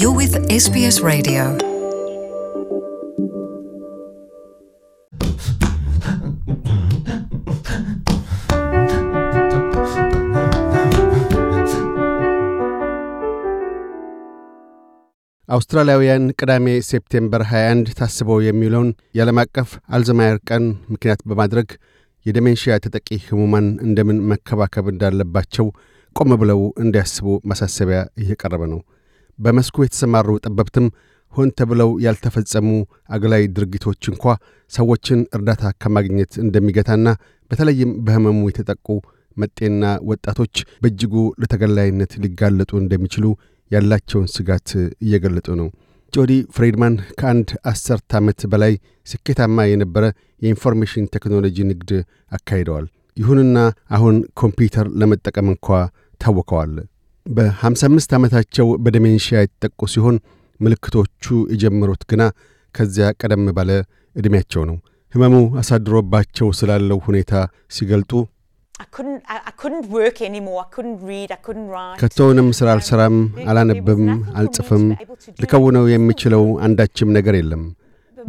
You're with SBS Radio. አውስትራሊያውያን ቅዳሜ ሴፕቴምበር 21 ታስበው የሚውለውን የዓለም አቀፍ አልዘማየር ቀን ምክንያት በማድረግ የደሜንሽያ ተጠቂ ህሙማን እንደምን መከባከብ እንዳለባቸው ቆም ብለው እንዲያስቡ ማሳሰቢያ እየቀረበ ነው። በመስኩ የተሰማሩ ጠበብትም ሆን ተብለው ያልተፈጸሙ አግላይ ድርጊቶች እንኳ ሰዎችን እርዳታ ከማግኘት እንደሚገታና በተለይም በህመሙ የተጠቁ መጤና ወጣቶች በእጅጉ ለተገላይነት ሊጋለጡ እንደሚችሉ ያላቸውን ስጋት እየገለጡ ነው። ጆዲ ፍሬድማን ከአንድ አሠርተ ዓመት በላይ ስኬታማ የነበረ የኢንፎርሜሽን ቴክኖሎጂ ንግድ አካሂደዋል። ይሁንና አሁን ኮምፒውተር ለመጠቀም እንኳ ታወከዋል። በ55 ዓመታቸው በደሜንሽያ የተጠቁ ሲሆን ምልክቶቹ የጀመሩት ግና ከዚያ ቀደም ባለ ዕድሜያቸው ነው። ህመሙ አሳድሮባቸው ስላለው ሁኔታ ሲገልጡ ከቶውንም ስራ አልሰራም፣ አላነብም፣ አልጽፍም፣ ልከውነው የሚችለው አንዳችም ነገር የለም።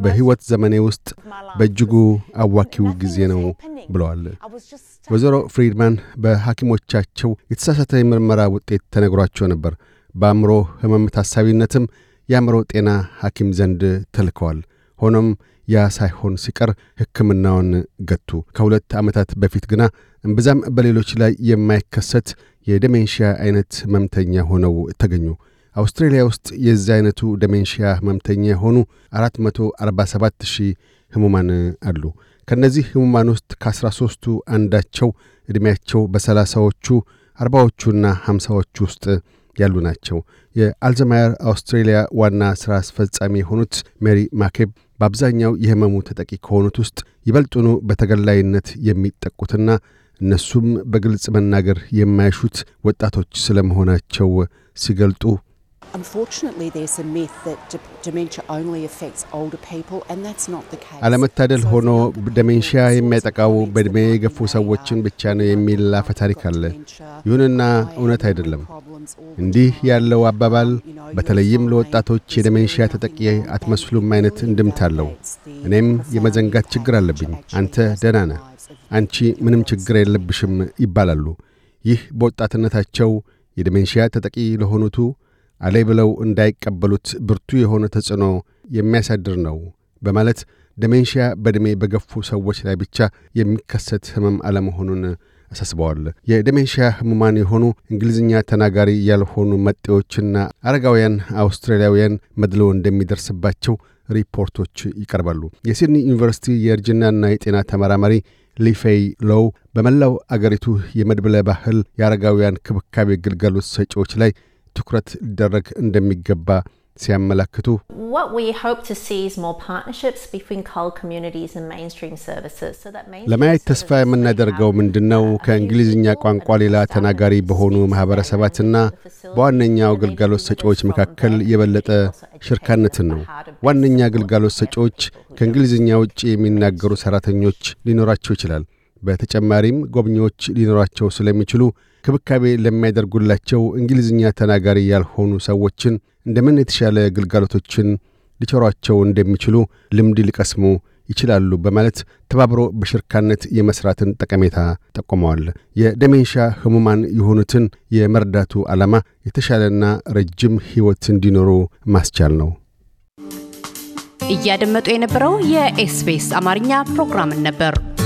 በሕይወት ዘመኔ ውስጥ በእጅጉ አዋኪው ጊዜ ነው ብለዋል። ወይዘሮ ፍሪድማን በሐኪሞቻቸው የተሳሳተ የምርመራ ውጤት ተነግሯቸው ነበር። በአእምሮ ህመም ታሳቢነትም የአእምሮ ጤና ሐኪም ዘንድ ተልከዋል። ሆኖም ያ ሳይሆን ሲቀር ሕክምናውን ገቱ። ከሁለት ዓመታት በፊት ግና እምብዛም በሌሎች ላይ የማይከሰት የደሜንሽያ ዐይነት ህመምተኛ ሆነው ተገኙ። አውስትሬልያ ውስጥ የዚህ ዐይነቱ ደሜንሽያ ህመምተኛ የሆኑ 447 ሺህ ህሙማን አሉ። ከእነዚህ ህሙማን ውስጥ ከአስራ ሦስቱ አንዳቸው ዕድሜያቸው በሰላሳዎቹ አርባዎቹና ሀምሳዎቹ ውስጥ ያሉ ናቸው። የአልዘማየር አውስትሬሊያ ዋና ሥራ አስፈጻሚ የሆኑት ሜሪ ማኬብ በአብዛኛው የህመሙ ተጠቂ ከሆኑት ውስጥ ይበልጡኑ በተገላይነት የሚጠቁትና እነሱም በግልጽ መናገር የማያሹት ወጣቶች ስለመሆናቸው ሲገልጡ አለመታደል ሆኖ ደሜንሽያ የሚያጠቃው በዕድሜ የገፉ ሰዎችን ብቻ ነው የሚል አፈ ታሪክ አለ። ይሁንና እውነት አይደለም። እንዲህ ያለው አባባል በተለይም ለወጣቶች የደሜንሽያ ተጠቂ አትመስሉም አይነት እንድምታ አለው። እኔም የመዘንጋት ችግር አለብኝ። አንተ ደህና ነህ፣ አንቺ ምንም ችግር የለብሽም ይባላሉ። ይህ በወጣትነታቸው የደሜንሽያ ተጠቂ ለሆኑቱ አለይ ብለው እንዳይቀበሉት ብርቱ የሆነ ተጽዕኖ የሚያሳድር ነው በማለት ደሜንሽያ በዕድሜ በገፉ ሰዎች ላይ ብቻ የሚከሰት ህመም አለመሆኑን አሳስበዋል። የደሜንሽያ ህሙማን የሆኑ እንግሊዝኛ ተናጋሪ ያልሆኑ መጤዎችና አረጋውያን አውስትራሊያውያን መድሎ እንደሚደርስባቸው ሪፖርቶች ይቀርባሉ። የሲድኒ ዩኒቨርሲቲ የእርጅናና የጤና ተመራማሪ ሊፌይ ሎው በመላው አገሪቱ የመድብለ ባህል የአረጋውያን ክብካቤ ግልጋሎት ሰጪዎች ላይ ትኩረት ሊደረግ እንደሚገባ ሲያመላክቱ ለማየት ተስፋ የምናደርገው ምንድን ነው? ከእንግሊዝኛ ቋንቋ ሌላ ተናጋሪ በሆኑ ማኅበረሰባትና በዋነኛው ግልጋሎት ሰጪዎች መካከል የበለጠ ሽርካነትን ነው። ዋነኛ ግልጋሎት ሰጪዎች ከእንግሊዝኛ ውጭ የሚናገሩ ሠራተኞች ሊኖራቸው ይችላል። በተጨማሪም ጎብኚዎች ሊኖራቸው ስለሚችሉ እንክብካቤ ለሚያደርጉላቸው እንግሊዝኛ ተናጋሪ ያልሆኑ ሰዎችን እንደምን የተሻለ ግልጋሎቶችን ሊቸሯቸው እንደሚችሉ ልምድ ሊቀስሙ ይችላሉ በማለት ተባብሮ በሽርካነት የመስራትን ጠቀሜታ ጠቁመዋል። የደሜንሻ ህሙማን የሆኑትን የመርዳቱ ዓላማ የተሻለና ረጅም ሕይወት እንዲኖሩ ማስቻል ነው። እያደመጡ የነበረው የኤስፔስ አማርኛ ፕሮግራምን ነበር።